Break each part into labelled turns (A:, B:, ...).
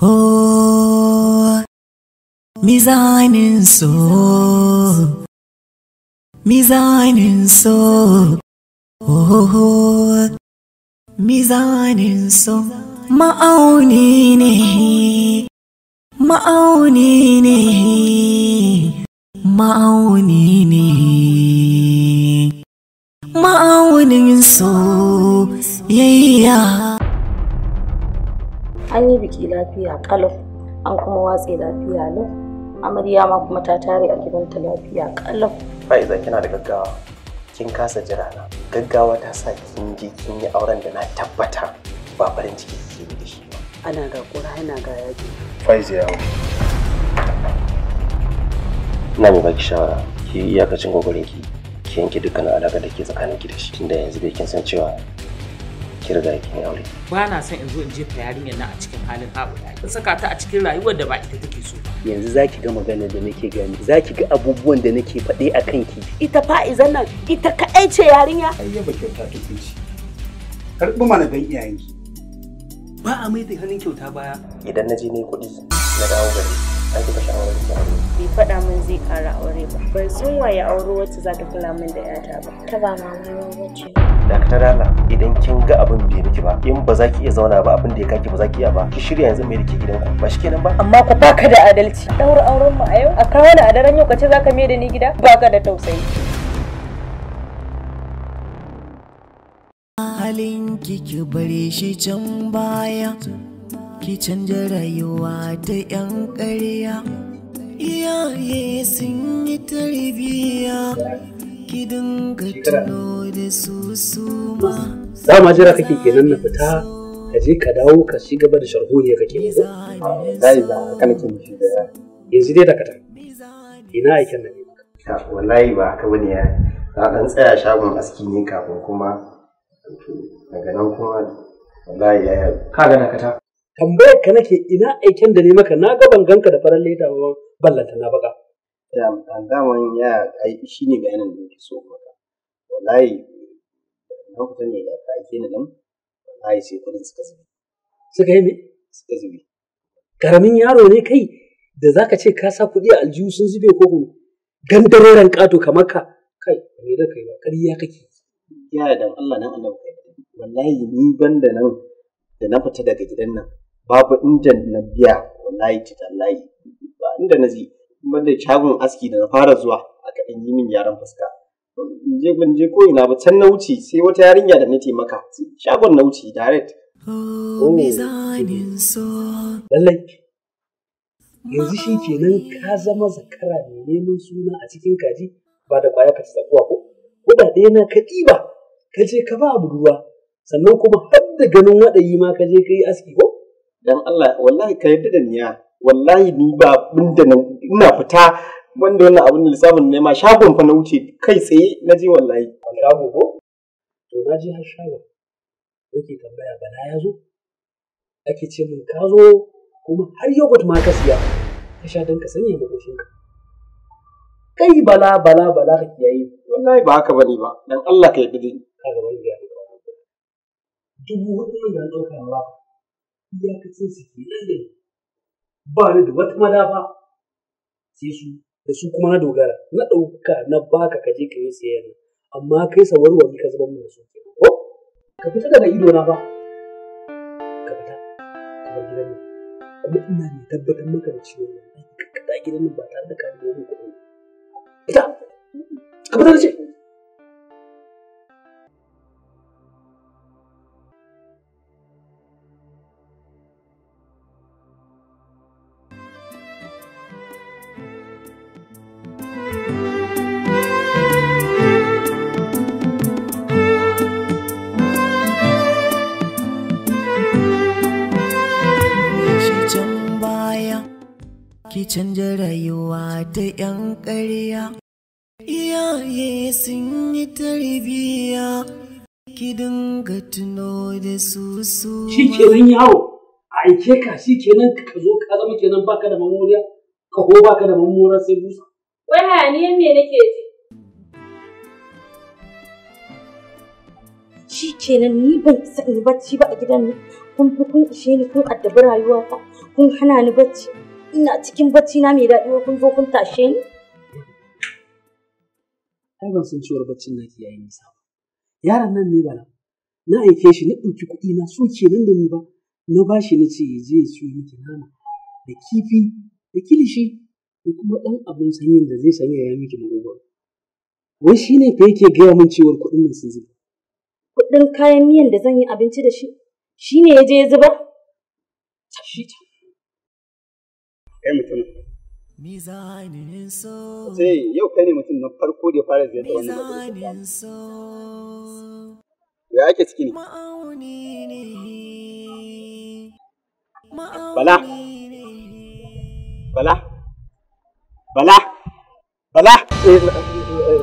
A: hô mi dài nên số mi dài nên số hô
B: hô mi dài nên số ma ao ni
A: ni ma ao ni ni ma ao ni ni ma ao nên số yeah, yeah. an yi biki lafiya kalaf an kuma watse lafiya lau amarya ma kuma ta tare a gidanta lafiya kalau
C: fa'iza kina da gaggawa kin kasa jira na gaggawa ta sa kin je kin yi auren da na tabbata ba farin ciki kike da shi ana ga kura ana ga yaji faiza yawo ina mai baki shawara ki iyakacin gogorin ki ki yanke dukkan alaka da ke tsakanin ki da shi tunda yanzu bai kin san cewa ki riga aure
A: ba na son in zo in jefa yarinyar nan a cikin halin haɓuya in saka ta a cikin rayuwar da ba ita take so
C: yanzu za ki ga magana da nake gani ki ga abubuwan da nake faɗe a kan ki.
A: ita fa'izan nan ita kaɗai ce yarinya yaba kyauta ta ce
C: karɓi mana don iyayenki ba a mai da hannun kyauta baya idan na je ne kuɗi na dawo gari an kika sha'awar ki aure
A: bai faɗa min zai ƙara aure ba ban san waye auri wacce za ta kula min da yata ba ta ba mamawa wacce
C: Daktar Dala idan kin ga abin bai miki ba in ba za ki iya zauna ba abin da ya kaki ba za ki iya ba ki shirya yanzu mai dake gidanku ba shi kenan ba amma
A: ku baka da adalci daura auren mu a yau a kawo a daren yau kace zaka mai da ni gida Ba ka da tausayi
B: halin kiki bare shi can baya ki canja rayuwa ta 'yan ƙarya iyaye sun yi tarbiya ki
C: dinga tuno da su su ma za ma jira kake kenan na fita ka je ka dawo ka shi gaba da sharholiya kake yi za ah, a yi za a kana kin shi da yanzu dai da kata ina aikin nan wallahi ba haka bane ya na dan tsaya shagon aski ne kafin kuma daga nan kuma wallahi ya yi ka gana kata tambayar ka nake ina aiken da ne maka na ga ban ka da farar leda ba ballanta na baka daman ya ai shi ne bayanin da yake so maka wallahi lokacin ne da ka aike ni nan wallahi sai kudin suka zube suka yi me suka zube karamin yaro ne kai da zaka ce ka sa kudi a aljihu sun zube ko kuma gandareren kato kamar ka kai ne da kai ba kariya kake ya dan Allah nan Allah kai wallahi ni banda nan da na fita daga gidan nan babu inda na biya wallahi tallahi ba inda na ji da shagon aski da na fara zuwa aka ɗan yi min yaran fuska in je ban je ko ina ba can na wuce sai wata yarinya da na taimaka shagon na wuce direct oh, oh. lallai yanzu shi kenan ka zama zakara mai neman suna a cikin kaji ba da kwaya ka tsakuwa ko kuɗaɗe na ka ɗiba ka je ka ba ruwa. sannan kuma har da ganin waɗayi ma ka je ka yi aski ko dan Allah wallahi ka yarda da niya wallahi ni ba mun da ina fita wanda wannan abin lissafin ne ma shagon fa na wuce kai tsaye na je wallahi shago ko to na je har shagon yake tambaya bala ya zo ake ce min ka zo kuma har yogurt ma ka siya ka sha don ka sanya makoshinka kai bala bala bala ka kiyaye wallahi ba haka bane ba dan Allah ka yadda da ni ka ga wani dubu hudu miliyan da na ɗauka ya baka iyakacin su ke nan da ba ni da wata madafa sai su da su kuma na dogara na ɗauka na baka ka je ka yi siyayyar amma kai wani ka zama mai da su ko ka fita daga ido na ba ka fita ka bar gidan nan kuma ina ne tabbatar maka da cewa ka fita gidan nan ba tare da ka wani kuɗi fita ka fita da shi
B: canja rayuwa ta 'yan ƙarya iyaye sun yi tarbiya ki dinga
C: tuno da su su shi nan yawo a aike ka shi nan ka zo ka zama kenan baka da mamoriya ka ko baka da mamora sai busa
A: wai hayaniyan me nake ji shi nan ni ban isa in bacci ba a gidan nan kun fi kun ishe ni kun addabi rayuwata kun hana ni bacci ina cikin bacci na mai daɗi kun zo kun tashe ni.
C: Ai ban san cewar baccin naki yayi nisa. Yaron nan ne bala. Na aike shi na ɗauki kuɗi na so kenan da ni ba. Na ba shi na ce ya je ya siyo miki nama da kifi da kilishi da kuma ɗan abin sanyin da zai sanya ya miki maƙogwaro. Wai shi ne fa yake gaya min cewar kuɗin nan sun zuba.
A: Kuɗin kayan miyan da zan yi abinci da shi shi ne ya je ya zuba?
C: Tashi ta. sai yau kai ne mutum na farko da ya fara ziyarta wannan madrasa ya ake ciki ne bala bala bala bala eh, eh, eh,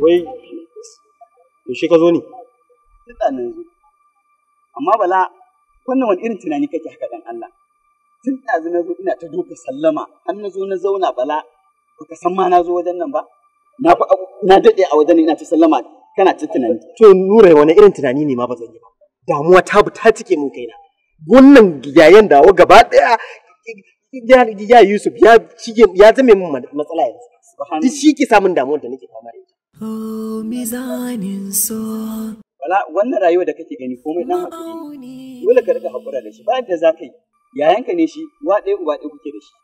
C: wai yaushe ka zo ne? Tunda na zo. Amma bala wannan wani irin tunani kake haka dan Allah tun ɗazu na zo ina ta doka sallama an na zo na zauna bala baka san ma na zo wajen nan ba na daɗe na dade a wajen ina ta sallama kana ta tunani to nura wani irin tunani ne ma ba zan yi ba damuwa ta bu ta cike mun kaina wannan da wa gaba daya ya ya Yusuf ya ya zame min matsala yanzu duk shi ke samun damuwar da nake fama da ita Oh, mizanin so wala wannan rayuwa da kake gani komai dan hakuri dole ka riga hakura da shi ba yadda za ka yi yayanka ne shi wa ɗaya uba ɗaya kuke da shi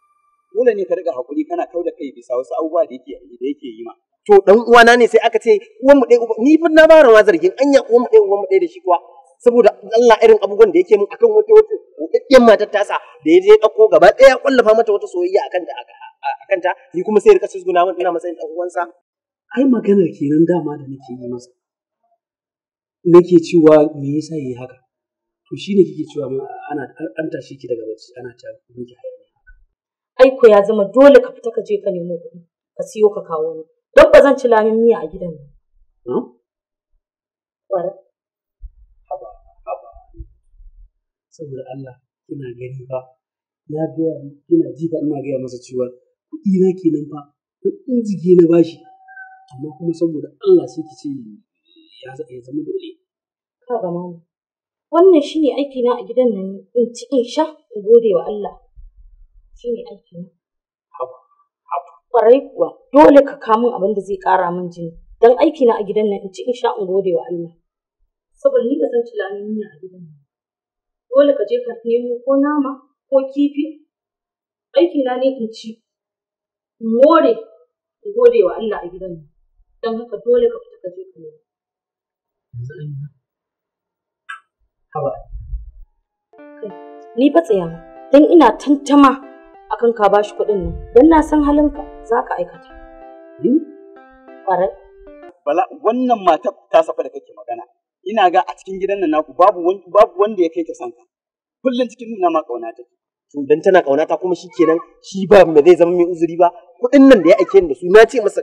C: dole ne ka riga hakuri kana kau da kai bisa wasu abubuwa da yake da yake yi ma to dan uwana ne sai aka ce uwan mu ɗaya uba ni fa na bara ma zargin anya uwan mu ɗaya uwan mu ɗaya da shi kuwa saboda Allah irin abubuwan da yake mun akan wata wata wadaddiyar matar tasa da ya je ɗauko gaba ɗaya kwallafa mata wata soyayya akan ta akan ta ni kuma sai rika susguna mun ina matsayin ɗan uwansa ai maganar kenan dama da nake yi masa nake cewa me yasa yayi haka to shine kike cewa ma ana an tashi ki daga bacci ana ta miki
A: ai ko ya zama dole ka fita ka je ka nemo kuɗi ka siyo ka kawo ni don ba zan ci lamin miya a gidan nan
C: haba haba saboda Allah kina gani ba na gaya kina ji ba ina gaya masa cewa kuɗi na kenan fa in jige na bashi amma kuma saboda Allah sai ki ce ya zama dole. Ka ga malam.
A: Wannan shi ne aikina a gidan nan in ci in sha in gode wa Allah. Shi ne aikina. Ƙwarai kuwa dole ka kamun abin da zai ƙara min jini. Don aikina a gidan nan in ci in sha in gode wa Allah. Saboda ni ba zan ci lamuni a gidan nan. Dole ka je ka nemo ko nama ko kifi. Aikina ne in ci. In more in gode wa Allah a gidan nan. Don haka dole ka fita ka je ka nemo. ni fa tsaya dan ina tantama akan ka bashi kuɗin nan dan na san halinka za ka aikata ni
C: ƙwarai bala wannan mata ta safa da kake magana ina ga a cikin gidan nan naku babu babu wanda ya kai ta sanka kullum cikin nuna ma kauna ta. to dan tana kauna ta kuma shikenan shi ba me zai zama mai uzuri ba kuɗin nan da ya aike ni da su na ce masa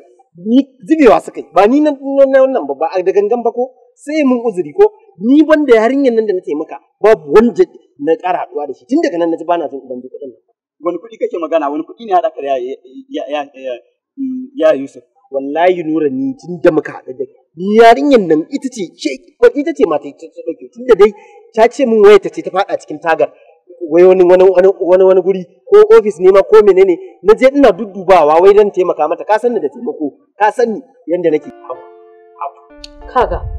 C: ni zubewa suka yi ba ni na wannan ba ba da gangan ba ko sai mun uzuri ko ni wanda yarinyar nan da na taimaka babu wanda na ƙara haɗuwa da shi tun daga nan na ji bana jin ubangi kuɗin nan wani kuɗi kake magana wani kuɗi ne haɗa ka ya Yusuf wallahi nura ni tun da muka haɗu da ni yarinyar nan ita ce ce ita ce mata ta ɗauke tun da dai ta ce min waya ta ce ta faɗa cikin tagar wai wani wani wani wani guri ko ofis ne ma ko menene na je ina duddubawa wai dan taimaka mata ka san da taimako ka san
A: yanda nake kaga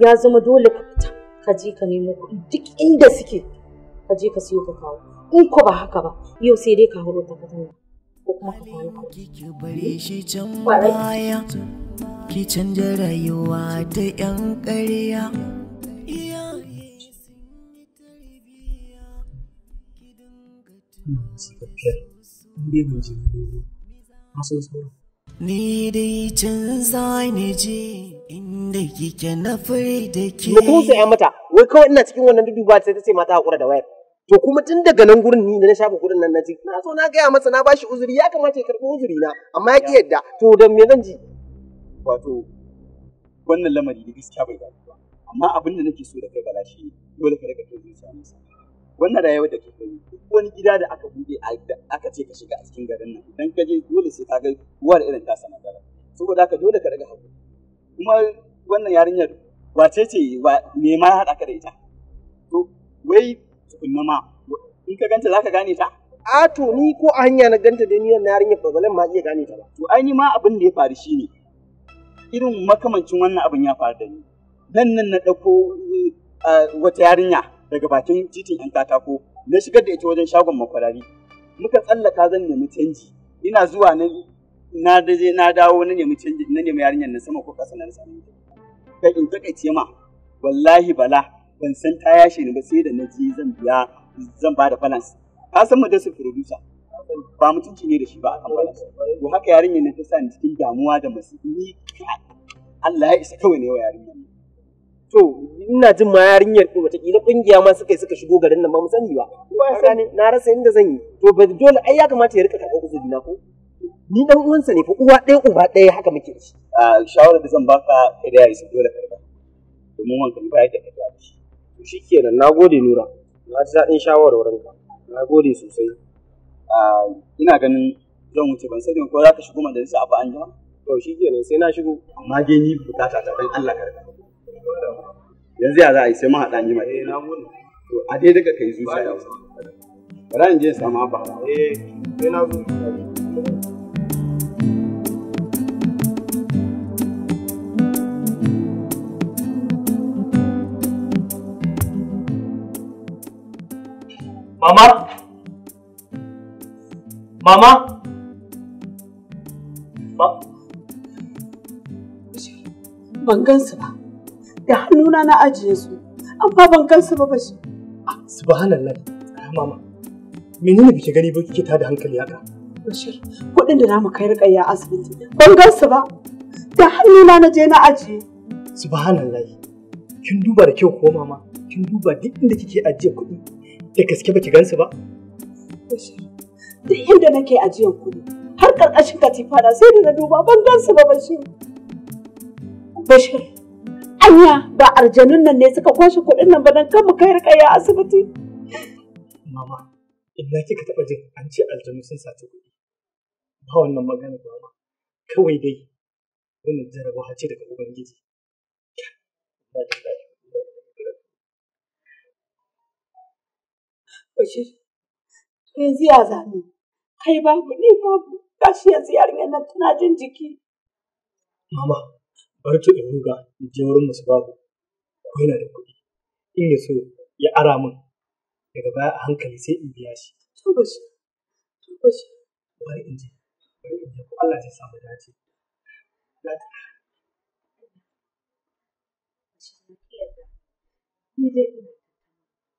A: ya zama dole ka fita ka je ka nemo kuɗi duk inda suke ka je ka siyo ka kawo in ko ba haka ba yau sai dai ka huro ta ne ko kuma ka baya
B: ki canja rayuwa ta yan ƙarya
C: Thank you. dai ban Ni da can za ni je inda kike na fai da ke. Mu kuma sai mata, wai kawai ina cikin wannan ba sai ta ce mata hakura da wayar. To kuma tun daga nan gurin ni da na shafa gurin nan na ji, na so na gaya masa na bashi uzuri ya kamata ya karɓi uzuri na, amma ya ki yadda. To da me zan ji? Wato wannan lamari da gaskiya bai dace ba. Amma abin da nake so da kai bala shi dole ka rika kai zuciya masa. wannan rayuwar da kake yi duk wani gida da aka bude aka ce ka shiga a cikin garin nan idan ka je dole sai ka ga uwar irin ta sama gara saboda haka dole ka daga hakuri kuma wannan yarinyar wace ce me ma ya haɗa ka da ita to wai tukunna ma in ka ganta zaka gane ta a to ni ko a hanya na ganta da niyyar yarinyar ba balan ma iya gane ta ba to ai ma abin da ya faru shine irin makamancin wannan abin ya faru da ni nan nan na ɗauko eh, wata yarinya daga bakin titin yan katako na shigar da ita wajen shagon makwarari muka tsallaka zan nemi canji ina zuwa na na daje na dawo na nemi canji na nemi yarinyar na sama ko kasa na sami kai in ce ma wallahi bala ban san ta yashe ni ba sai da na je zan biya zan ba da balance ka san mu da su producer ba mutunci ne da shi ba akan balance to haka yarinyar ne ta sa ni cikin damuwa da masu ni Allah ya isa kawai ne wa yarinyar to ina jin ma yarinyar ko wata kila kungiya ma suka suka shigo garin nan ba mu sani ba na rasa inda zan yi to ba dole ai ya kamata ya rika karɓar uzuri na ko ni dan uwansa ne fa uwa ɗaya uba ɗaya haka muke da shi a shawarar da zan baka kada ya isa dole karɓa domin wanka ba yake tafi da shi to shikenan nagode nura na ji daɗin ka nagode sosai ina ganin zan wuce ban sani ko za ka shigo majalisa a ba an jima to shikenan sai na shigo amma dai ni bukata ta dan Allah karɓa yanzu ya za a yi sai mahaɗa ne mai eh, na to a dai daga kai zuwa ya wuce bara je sama ba eh sai na Mama? Mama? Ba? Ban ba. da hannuna na ajiye su amma ban kansu ba bashi ah, subhanallah ah, mama menene bike gani ba kike tada hankali haka bashir kuɗin da namu kai rikayya asibiti ban gansu ba da hannuna na je na ajiye subhanallah kin duba da kyau ko mama kin duba duk inda kike ajiye kuɗi da gaske baki gansu ba bashir duk inda nake ajiye kuɗi har ƙarƙashin katifa na sai da na duba ban gansu ba bashir bashir anya ba arjanin nan ne suka kwashe kuɗin nan ba don kan mu kai ya asibiti mama illa kika taɓa jin an ce aljanu sun saci kuɗi ba wannan magana ba ma kawai dai wannan jarabawa ce daga ubangiji
A: Bashir, yanzu ya zame, kai babu ni babu, gashi yanzu yarinyar nan tana jin jiki.
C: Mama, bar in ruga in je wurin musu babu ko yana da kuɗi in ya so ya ara min daga baya a hankali sai in biya shi ba shi ba shi bari in je bari in je ko Allah zai samu dace
A: wannan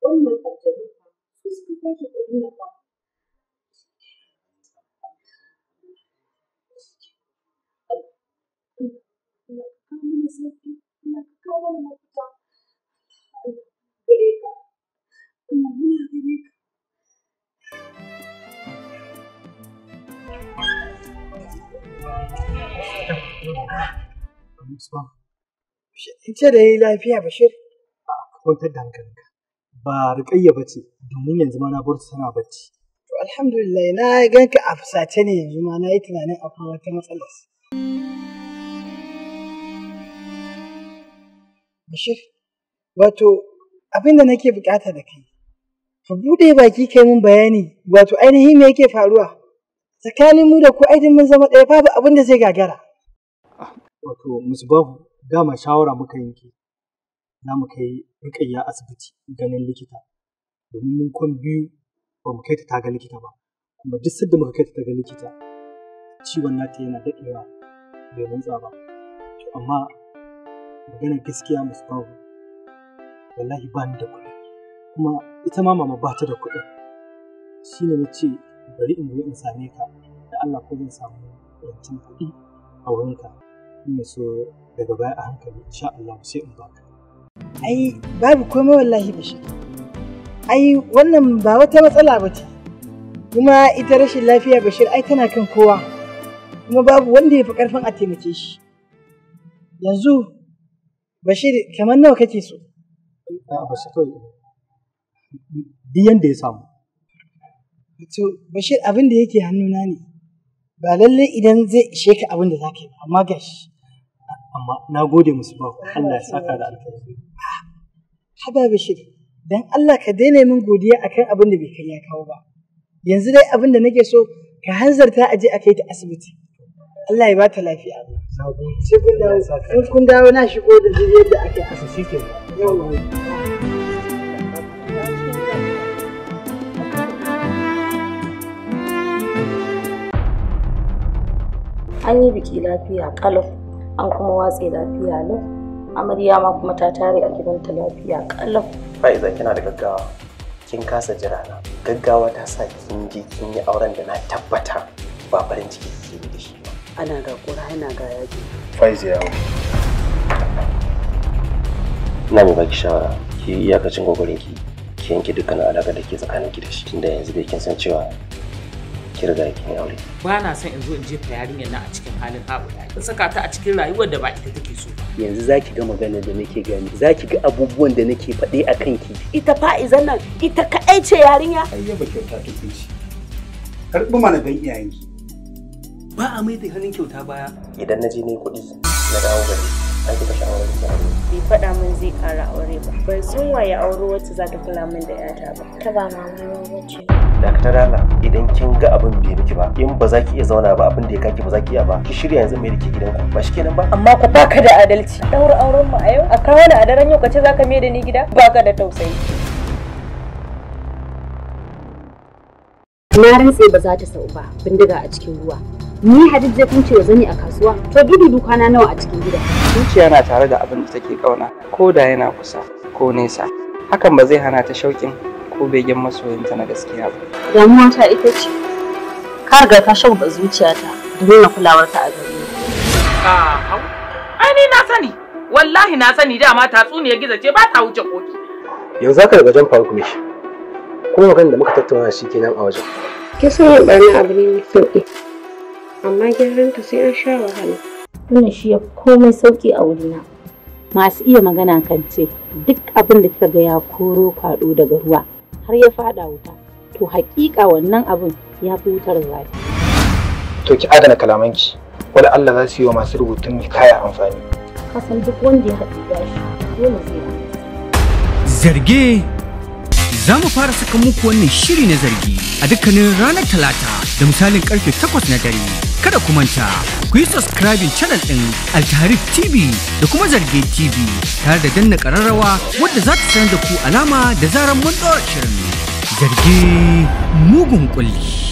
A: aljanu su suka kashe kuɗin na ba mana sauki Allah ka kawo mana mafita gare
B: ka da yi lafiya Bashir?
C: kwantar da hankalinka. Ba rikayya ba ce, domin yanzu ma na bar tana bacci.
B: To alhamdulillah na ganka a fusace ne yanzu ma na yi tunanin akwai wata matsalar. Bashir, wato abin nake bukata da kai, ka bude baki kai mun bayani wato ainihi me yake faruwa. Tsakanin mu da ku aidin mun zama ɗaya babu abin da zai gagara.
C: Wato Musbahu dama shawara muka yanke za mu kai rikayya asibiti ganin likita domin mun kwan biyu ba mu kai ta taga likita ba kuma duk sadda muka kai ta ta likita ciwon nata yana daɗewa bai motsa ba to amma magana gaskiya musu babu wallahi ba ni da kuɗi kuma ita ma mama ba ta da kuɗi shi ne na ce bari in zo in same ka da Allah ko zan samu wancan kuɗi a wurinka in so daga baya a hankali insha Allah sai in baka ai babu komai
B: wallahi bashir ai wannan ba wata matsala ba ce kuma ita rashin lafiya bashir ai tana kan kowa kuma babu wanda ya fi karfin a taimake shi yanzu Bashir kamar nawa kake so? A'a Bashir
C: duk yanda ya samu.
B: To Bashir abin da yake hannuna ne. Ba lallai idan zai ishe ka abin da zaka yi amma gashi.
C: Amma na gode musu ba Allah ya saka da alkhairi.
B: Haba Bashir dan Allah ka daina min godiya akan abin da bai kai ya kawo ba. Yanzu dai abin da nake so ka hanzarta a je a kai ta asibiti. Allah ya ba ta lafiya. sai shigo da yadda ake
A: an yi biki lafiya kalaf an kuma watse lafiya lau amarya ma kuma ta tare a gidanta lafiya kalau
C: fa'iza kina da gaggawa kin kasa jira na gaggawa ta sa kin je kin yi auren da na tabbata ba farin ciki yi da shi ana ga kura ana ga yaji faiz ya hau ina mai baki shawara ki yi iyakacin gwagwarin ki ki yanke dukkan alaƙa da ke tsakanin ki da shi tunda yanzu dai kin san cewa ki riga kin aure
A: ba na son in zo in jefa yarinyar nan a cikin halin da in saka ta a
C: cikin rayuwar da ba ita take so yanzu zaki ga maganar da nake gani zaki ga abubuwan da nake faɗe a kanki
A: ita fa'izan nan ita kaɗai ce yarinya
C: ai yaba kyauta ta ce karɓi mana dan iyayenki ba a mai da hannun kyauta baya idan na je ne kuɗi na dawo gari an kuka shawarar da bai
A: faɗa min zai ƙara aure ba ban sun waye aure wacce za ta kula min da yata ba ta ba mai wacce
C: dakta Allah idan kin ga abin bai miki ba in ba za ki iya zauna ba abin da ya kaki ba za ki iya ba ki shirya yanzu mai da ke gidanku ba shi kenan
A: ba amma ku baka da adalci daura auren mu a yau a kawo ni a daren yau kace zaka mai da ni gida baka da tausayi na rantse ba za ta sau ba bindiga a cikin ruwa ni hadid kun ce wa zani a kasuwa to dudu kwana nawa a cikin gida
C: zuciya na tare da abin da take kauna ko da yana kusa ko nesa hakan ba zai hana ta shauƙin ko begen masoyinta na gaskiya ba
A: damuwa ta ita ce ka riga ka shauƙa zuciyata da nuna kulawarta a gare ni ai ni na sani wallahi na sani dama tatsuniyar gizo ce ba ta wuce koki
C: yanzu ka daga jan faru kuma shi kuma maganin da muka tattauna shi kenan a wajen
A: ke san wani abu ne mai sauƙi amma gyaranta sai an sha wahala. Tuna shi ya komai sauƙi a wurina. Masu iya magana kan ce duk abin da kika ga ya koro kwaɗo daga ruwa har ya faɗa wuta. To haƙiƙa wannan abin ya fi wutar zafi.
C: To ki adana kalamanki, wani Allah za su yi wa masu rubutun kaya amfani.
A: Kasan duk wanda ya haɗu gashi dole zai
C: Zarge za mu fara saka muku wannan shiri na zargi a dukkanin ranar talata da misalin karfe 8 na dare kada ku manta ku yi subscribing channel ɗin Altaharif TV da kuma Zarge TV tare da danna ƙararrawa wadda za ta sanar da ku alama da zarar mun ɗora shirin. Zarge mugun ƙulli.